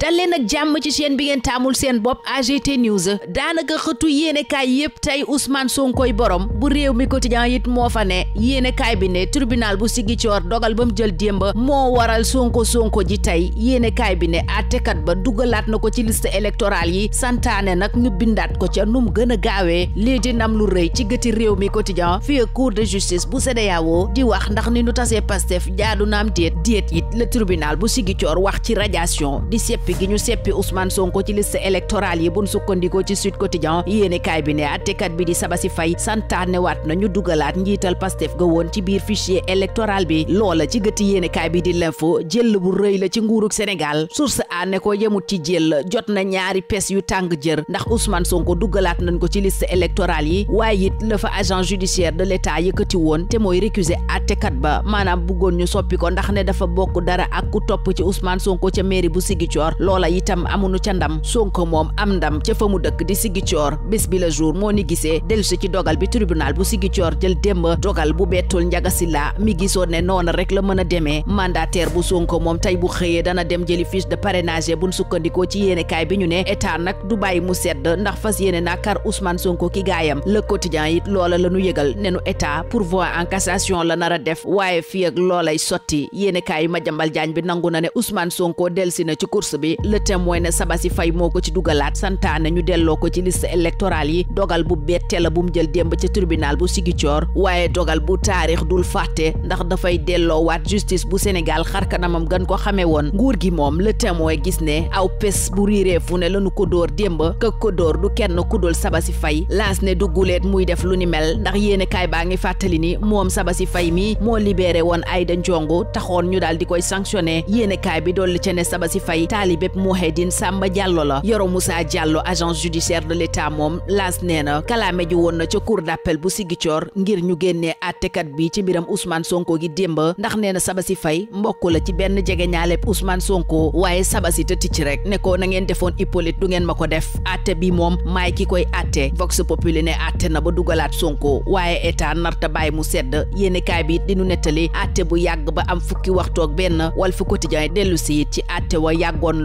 dalleen ak jàmm ci chaîne bi ngeen taamul seen bopp AGT News daanaka xëtu yéenekaay yépp tey Ousmane Sonkoy borom bu réew mi quotidien it moo fa ne yéenekaay bi ne tribunal bu Ziguinchor dogal ba mu jël démba moo waral Sonko Sonko ji tey yéenekaay bi ne àttekat ba dugalaat na ko ci liste électorale yi santaane nag ñu bindaat ko ca num gën a gaawee lii di nam lu rëy ci gëti réew mi quotidien fii cour de justice bu CEDEAO di wax ndax ni nu tasee Pastef jaadu naam déet déet it le tribunal bu Ziguinchor wax ci radiation di sepp seppi gi ñu seppi Ousmane Sonko ci liste électorale yi buñ sukkandikoo ci Sud Quotidien yéene kaay bi ne attekat bi di Sabassi Faye santaane waat na ñu dugalaat njiital Pastef ga woon ci biir fichier électoral bi loola ci gëti yéene bi di l'info jël bu rëy la ci nguurug Sénégal source a ne ko yemut ci jël jot na ñaari pes yu tàng jër ndax Ousmane Sonko duggalaat nañ ko ci liste électorale yi waaye it la fa agent judiciaire de l'État yëkkati woon te mooy récuser attekat ba maanaam ñu soppi ko ne dafa bokk dara ak ku topp ci Ousmane Sonko ca bu Ziguinchor loola itam amunu ca ndam Sonko moom am ndam ca fa mu dëkk di Ziguinchor bés bi la jour moo ni gisee dellusi ci dogal bi tribunal bu Ziguinchor jël démb dogal bu bettul Njaga Silla mi gisoo ne noona rek la mën a demee mandataire bu Sonko moom tey bu xëyee dana dem jëli fiche de parrainage buñ sukkandikoo ci yéenekaay bi ñu ne état nag du bàyyi mu sedd ndax fas yéene naa kar Ousmane Sonko ki gaayam le quotidien it loola la ñu yëgal ne nu état pourvoi en cassation la nar def waaye fii ak loolay sotti yéenekaay ma jambal jaañ bi nangu na ne Ousmane Sonko delsi na ci course bi bi le témoin ne si fay moo ko ci dugalaat santaane ñu delloo ko ci liste électorale yi dogal bu bette la bu mu jël démb ca tribunal bu Ziguinchor waaye dogal bu taarix dul fàtte ndax dafay delloowaat justice bu senegal xar kanamam gën ko xamee woon nguur gi moom le témoin gis ne aw pes bu riiree fu ne lañu ko dóor démb ka ko dóor du kenn ku dul si fay laas ne dugguleet muy def lu ni mel ndax yéene baa ngi fàttali ni moom Sabasy Faye mi moo libéré woon Aïda Ndiongo taxoon ñu daal di koy sanctionné yéene bi dolli ca ne Sabasy Faye Habibeb Mouhedine Samba Diallo la Yoro Moussa Diallo agence judiciaire de l'État moom laas nee na kalaame ji woon na ca cour d'appel bu Ziguinchor ngir ñu génnee àttekat bi ci biram Ousmane Sonko gi démb ndax nee na si fay mbokk la ci benn jege ñaaleb Ousmane Sonko waaye si tëti ci rek nekkoon ko na ngeen defoon Hippolyte du ngeen ma ko def àtte bi moom maay ki koy àtte Vox Populi ne àtte na ba dugalaat Sonko waaye état ta bàyyi mu sedd yéenekaay bi dinu nettali àtte bu yàgg ba am fukki waxtoog benn Walf Quotidien dellu si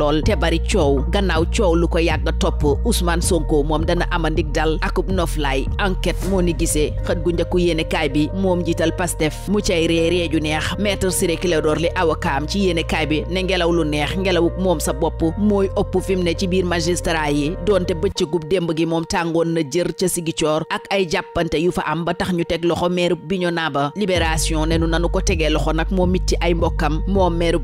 lool te bari coow gannaaw coow lu ko yàgg topp Ousmane Sonko moom dana amandik dal akub noflaay enquête moo ni gisee xët gu njëkku yéene kaay bi moom jiital Pastef mu cay ree ree ju neex maître Ciré Clédor Ly awakaam ci yéene bi ne ngelaw lu neex ngelawuk moom sa bopp mooy ëpp fi mu ne ci biir magistrat yi doonte bëccëgub démb gi moom tàngoon na jër ca Sigicoor ak ay jàppante yu fa am ba tax ñu teg loxo meerub Bignona ba libération nenu nanu ko tegee loxo nag moo mitti ay mbokkam moom meerub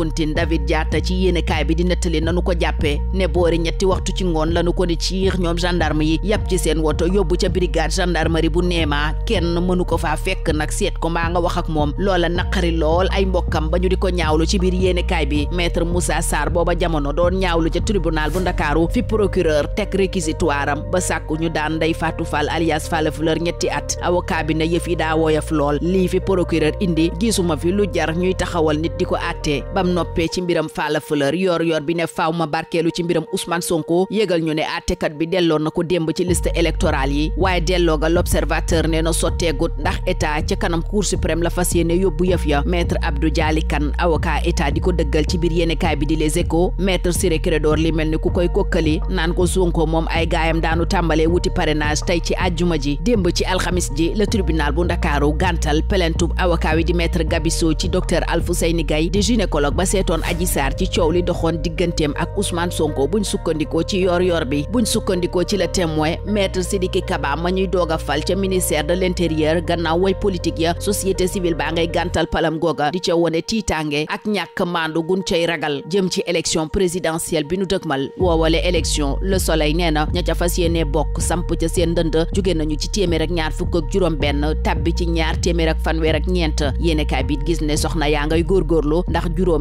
Fountain David Diatta ci yéenekaay bi di nettali nanu ko jàppee ne boori ñetti waxtu ci ngoon lanu ko ni ciir ñoom gendarme yi yàpp ci seen woto yóbbu ca brigade gendarmerie bu Néma kenn mënu ko faa fekk nag seet ko mbaa nga wax ak moom loola naqari lool ay mbokkam ba ñu di ko ñaawlu ci biir yéenekaay bi maître Moussa Sarr booba jamono doon ñaawlu ca tribunal bu Ndakaaru fi procureur teg réquisitoire am ba sàkku ñu daan Ndeye Fatou Fall alias Fallou Fleur ñetti at avocat bi ne yëf yi daa woyof lool lii fi procureur indi gisuma fi bam noppee ci mbiram Falla Fleur yor yor bi ne faaw ma barkeelu ci mbiram Ousmane Sonko yëgal ñu ne àttekat bi delloon na ko démb ci liste électorale yi waaye delloo ga l'observateur ne na sotteegut ndax état ci kanam cour suprême la fas yéene yóbbu yëf ya maître Abdou Dialy Kane avocat état di ko dëggal ci biir yéenekaay bi di Les Échos maître Ciré Clédor Ly mel ni ku koy kokkali naan ko Sonko moom ay gaayam daanu tàmbalee wuti parrainage tey ci àjjuma ji demb ci alxamis ji le tribunal Ndakaaru gàntal pelentub avocat wi di maître Gabisso ci docteur Alfouseyni Gaye di gynécologue ba seetoon Adji Sarr ci coow li doxoon digganteem ak Ousmane Sonko buñ sukkandikoo ci yoor yoor bi buñ sukkandikoo ci la témoin maître Sidiki Kaba ma ñuy doog a fal ca ministère de l'intérieur gannaaw way politique ya société civile baa ngay gantal palam googa di ca wone tiitaange ak ñàkk mandu gun cay ragal jëm ci élection présidentielle bi nu dëgmal woowale élection le soleil nee na ña ca fas yéene bokk samp ca seen ndënd jóge nañu ci téeméer ñaar fukk ak juróom benn tabbi ci ñaar téeméer ak fanweer ñeent yéene bi gis ne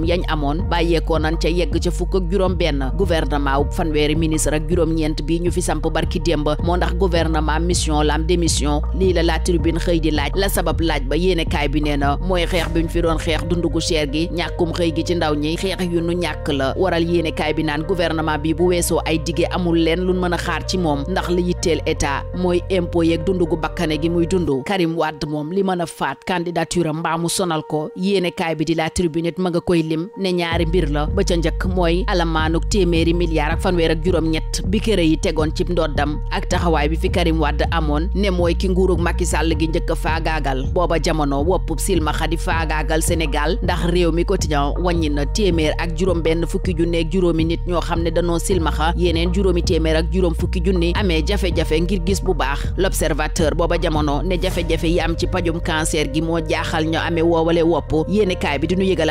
yañ amoon bàyyeekoo nan ca yegg ca fukk ak juróom benn gouvernement wu fanweeri ministre ak juróom-ñeent bi ñu fi samp barki démb moo ndax gouvernement mission lam démission lii la la tribune xëy di laaj la sabab laaj ba yéene kaay bi nee na mooy xeex bi ñu fi doon xeex dund gu cher gi ñàkkum xëy gi ci ndaw ñi xeex yu nu ñàkk la waral yéene kaay bi naan gouvernement bi bu weesoo ay dige amul leen lu mën a xaar ci moom ndax li yitteel état mooy impôt yeeg dund gu bakkane gi muy dund Karim Wade moom li mën a faat candidature mbaa mu sonal ko yéene bi di la tribune ma nga koy lim ne ñaari mbir la ba ca njëkk mooy alamaanuk téeméeri milliards ak fanweer ak juróom-ñett bi kër yi tegoon cib ndoddam ak taxawaay bi fi Karim Wade amoon ne mooy ki nguurug Macky Sall gi njëkk a faagaagal booba jamono woppub silmaxa di faagaagal Sénégal ndax réew mi quotidien wàññi na téeméer ak juróom benn fukki junne ak juróomi nit ñoo xam ne danoo silmaxa yeneen juróomi téeméer ak juróom fukki junni amee jafe-jafe ngir gis bu baax l'observateur booba jamono ne jafe-jafe yi am ci pajum cancer gi moo jaaxal ñoo amee woowale wopp yéenekaay bi diñu yëgal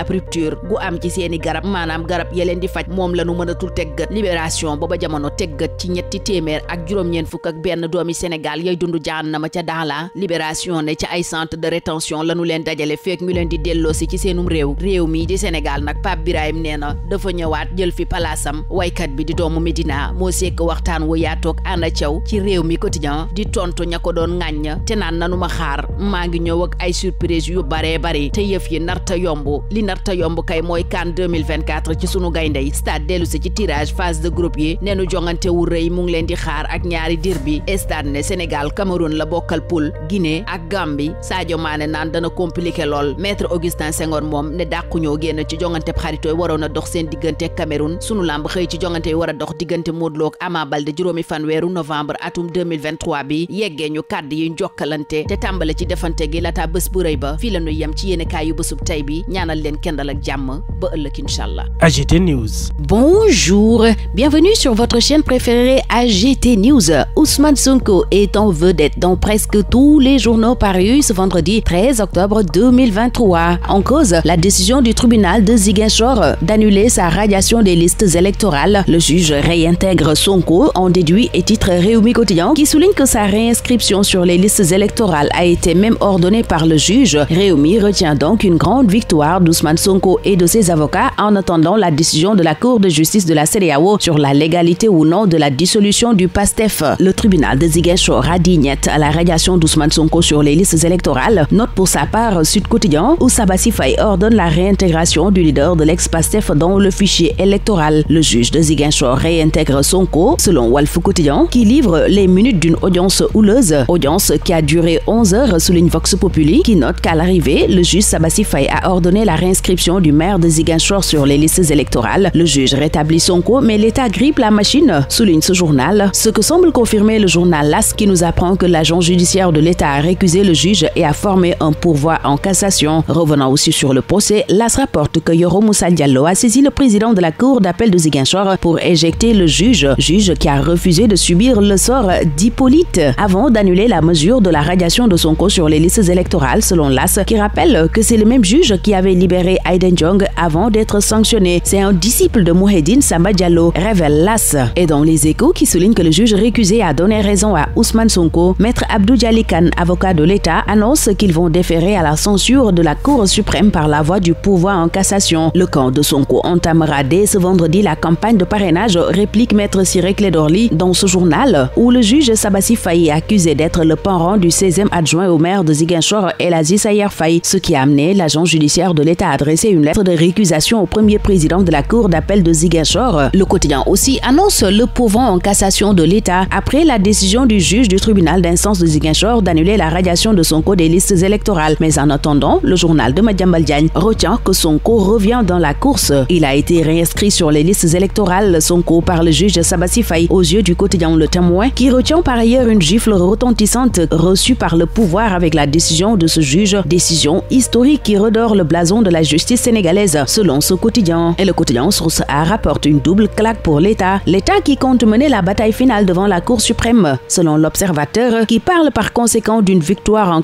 lu am ci seeni garab maanaam garab ya leen di faj moom la nu mënatul teggat libération booba jamono teggat ci ñetti téeméer ak juróom-ñeen fukk ak benn doomi Sénégal yay na jaanama ca daala libération ne ca ay centre de rétention la nu leen dajale fekk ñu leen di delloosi ci seenum réew réew mi di Sénégal nag Pape Birahim nee na dafa ñëwaat jël fi palaasam waykat bi di doomu médina moo sekk waxtaan wu yaatoog ànda caw ci réew mi quotidien di tontu ña ko doon ŋàññ te naan nanu xaar maa ngi ñëw ak ay surprise yu baree bari te mooy CAN 2024 ci sunu gaynde yi stade dellu si ci tirage phase de groupe yi neenu jongante wu rëy mu ngi leen di xaar ak ñaari dir bi stade ne Sénégal Cameroun la bokkal poule Guinée ak Gambie Sadio Mané naan dana compliqué lool maître Augustin Senghor moom ne ñoo génn ci jongante xaritooy waroon a dox seen diggante Cameroun sunu lamb xëy ci jongante yi war a dox diggante Modou Lo ak Ama juróomi fanweeru novembre atum 2023 bi yeggee ñu kàdd yi jokkalante te tàmbale ci defante gi lataa bés bu rëy ba fii la ñuy yem ci yéenekaay yu bésub tey bi ñaanal leen kendal ak jàmm jàmm ba ëllëg incha allah. AGT News. Bonjour, bienvenue sur votre chaîne préférée AGT News. Ousmane Sonko est en vedette dans presque tous les journaux parus ce vendredi 13 octobre 2023. En cause, la décision du tribunal de Ziguinchor d'annuler sa radiation des listes électorales. Le juge réintègre Sonko en déduit et titre Réumi Quotidien qui souligne que sa réinscription sur les listes électorales a été même ordonnée par le juge. Réumi retient donc une grande victoire d'Ousmane Sonko et ses avocats en attendant la décision de la Cour de justice de la CDAO sur la légalité ou non de la dissolution du PASTEF. Le tribunal de Ziguinchor a à la radiation d'Ousmane Sonko sur les listes électorales. Note pour sa part Sud Quotidien où Sabassi Faye ordonne la réintégration du leader de l'ex-PASTEF dans le fichier électoral. Le juge de Ziguinchor réintègre Sonko selon Walfou Quotidien qui livre les minutes d'une audience houleuse. Audience qui a duré heures maire de Ziguinchor sur les listes électorales. Le juge rétablit son coup, mais l'État grippe la machine, souligne ce journal. Ce que semble confirmer le journal LAS qui nous apprend que l'agent judiciaire de l'État a récusé le juge et a formé un pourvoi en cassation. Revenant aussi sur le procès, LAS rapporte que Yoro Moussa a saisi le président de la Cour d'appel de Ziguinchor pour éjecter le juge, juge qui a refusé de subir le sort d'Hippolyte avant langue avant d'être sanctionné. C'est un disciple de Mouhedine Samba Diallo, révèle l'AS. Et dans les échos qui soulignent que le juge récusé a donné raison à Ousmane Sonko, maître Abdou Djalikan, avocat de l'État, annonce qu'ils vont déférer à la censure de la Cour suprême par la voie du pouvoir en cassation. Le camp de Sonko entamera dès ce vendredi la campagne de parrainage, réplique maître Cyril Clédorli dans ce journal, où le juge Sabassi Faye accusé d'être le parent e a amené l'agent de récusation au premier président de la Cour d'appel de Ziguinchor. Le quotidien aussi annonce le pourvent en cassation de l'État après la décision du juge du tribunal d'instance de Ziguinchor d'annuler la radiation de Sonko des listes électorales. Mais en attendant, le journal de Madjambaldiagne retient que Sonko revient dans la course. Il a été réinscrit sur les listes électorales Sonko par le juge Sabassi aux yeux du quotidien Le Témoin qui retient sénégalaise, selon ce quotidien. Et le quotidien source A rapporte une double claque pour l'État, l'État qui compte mener la bataille finale devant la Cour suprême, selon l'observateur, qui parle par conséquent d'une victoire en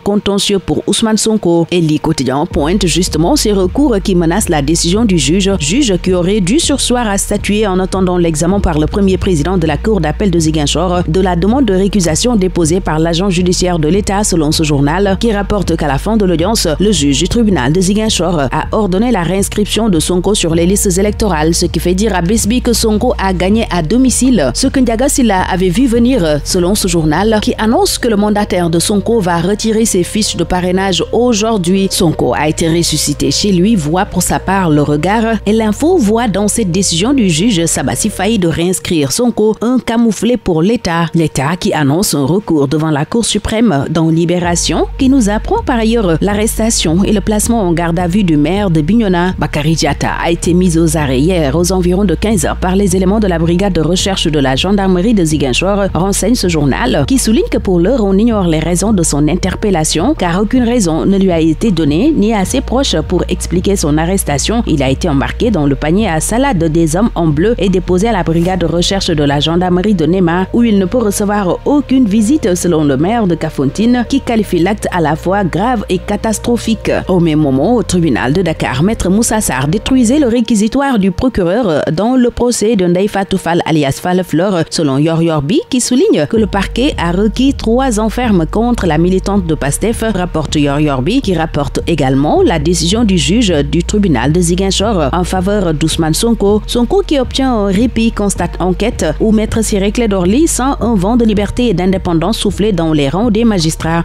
pour Ousmane Sonko. Et le quotidien pointe justement ces recours qui menacent la décision du juge, juge qui aurait dû sursoir à statuer en attendant l'examen par le premier président de la Cour d'appel de Ziguinchor de la l'inscription de Sonko sur les listes électorales, ce qui fait dire à Bisby que Sonko a gagné à domicile, ce que Ndiaga avait vu venir, selon ce journal, qui annonce que le mandataire de Sonko va retirer ses fiches de parrainage aujourd'hui. Sonko a été ressuscité chez lui, voit pour sa part le regard, et l'info voit dans cette décision du juge Sabassi failli de réinscrire Sonko un camouflet pour l'État. L'État qui annonce un recours devant la Cour suprême dans Bakari Diata a été mis aux arrêts hier aux environs de 15 heures par les éléments de la brigade de recherche de la gendarmerie de Ziguinchor, renseigne ce journal, qui souligne que pour l'heure, on ignore les raisons de son interpellation, car aucune raison ne lui a été donnée ni à ses pour expliquer son arrestation. Il a été embarqué dans le panier à salade des hommes en bleu et déposé à la brigade de recherche de la gendarmerie de Nema, où Moussa Sarr détruisait le réquisitoire du procureur dans le procès de Ndeifa Toufal alias Falfleur, selon Yor qui souligne que le parquet a requis trois enfermes contre la militante de PASTEF, rapporte Yor Yorbi, qui rapporte également la décision du juge du tribunal de Ziguinchor en faveur d'Ousmane Sonko. Sonko qui obtient un répit constate enquête où Maître Cyril Clédorli sent un vent de liberté et d'indépendance soufflé dans les rangs des magistrats.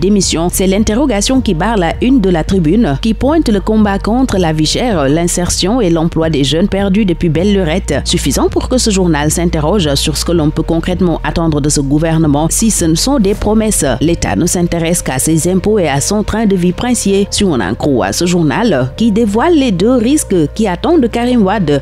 démission C'est l'interrogation qui barre la une de la tribune, qui pointe le combat contre la vie l'insertion et l'emploi des jeunes perdus depuis belle lurette. Suffisant pour que ce journal s'interroge sur ce que l'on peut concrètement attendre de ce gouvernement si ce ne sont des promesses. L'État ne s'intéresse qu'à ses impôts et à son train de vie princier. Si on en à ce journal, qui dévoile les deux risques qui attendent Karim Wad,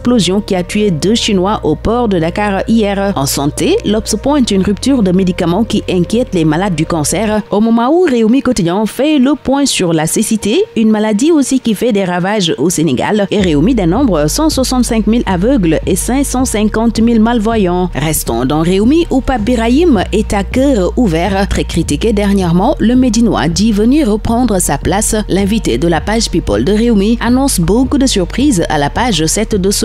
explosion qui a tué deux Chinois au port de Dakar hier. En santé, l'Obs pointe une rupture de médicaments qui inquiète les malades du cancer. Au moment où Réumi Quotidien fait le point sur la cécité, une maladie aussi qui fait des ravages au Sénégal, et Réumi dénombre 165 aveugles et malvoyants. Restons dans Réumi où Papirahim est à cœur ouvert. Très critiqué dernièrement, le Médinois dit venir reprendre sa place. L'invité de la page People de Réumi annonce beaucoup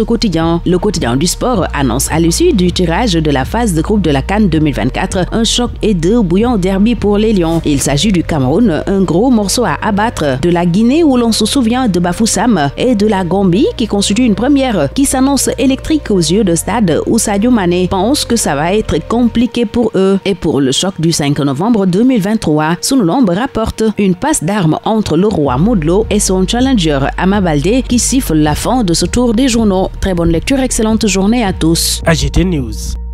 quotidien. Le quotidien du sport annonce à l'issue du tirage de la phase de groupe de la Cannes 2024 un choc et deux bouillons derby pour les Lions. Il s'agit du Cameroun, un gros morceau à abattre, de la Guinée où l'on se souvient de Bafoussam et de la Gambie qui constitue une première qui s'annonce électrique aux yeux de stade où Sadio Mané pense que ça va être compliqué pour eux. Et pour le choc du 5 novembre 2023, Sunulombe rapporte une passe d'armes entre le Très bonne lecture, excellente journée à tous. AGT News.